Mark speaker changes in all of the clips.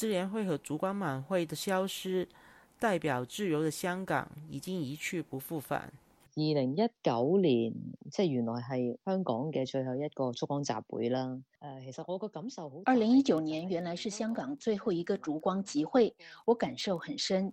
Speaker 1: 燭光會和燭光晚會的消失，代表自由的香港已經一去不復返。
Speaker 2: 二零一九年，即係原來係香港嘅最後一個燭光集會啦。誒、呃，其實我個感受好。二零一九年原來是香港最後一個燭光集會，我感受很深。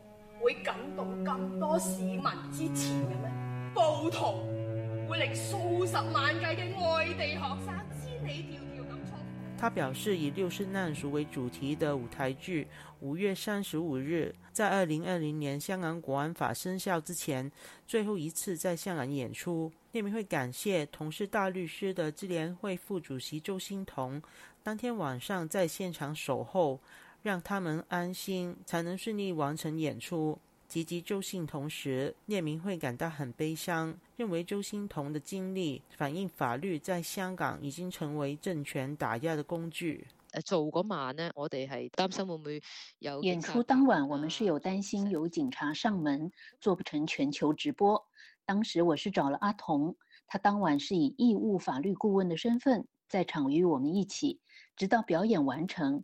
Speaker 3: 會感動咁多市民支持嘅咩？暴徒會令數十萬計嘅外地學生千里迢迢咁衝。
Speaker 1: 他表示，以六四難屬為主題嘅舞台劇，五月三十五日在二零二零年香港國安法生效之前，最後一次在香港演出。列明慧感謝同事大律師的支聯會副主席鄒幸彤，當天晚上在現場守候。讓他們安心，才能順利完成演出。及周星同時，列明慧感到很悲傷，認為周星彤的經歷反映法律在香港已經成為政權打壓的工具。做嗰晚呢，我哋係擔心會唔會有演出
Speaker 2: 當晚，啊，我們是有擔心有警察上門做不成全球直播。當時我是找了阿童，他當晚是以義務法律顧問的身份在場與我們一起，直到表演完成。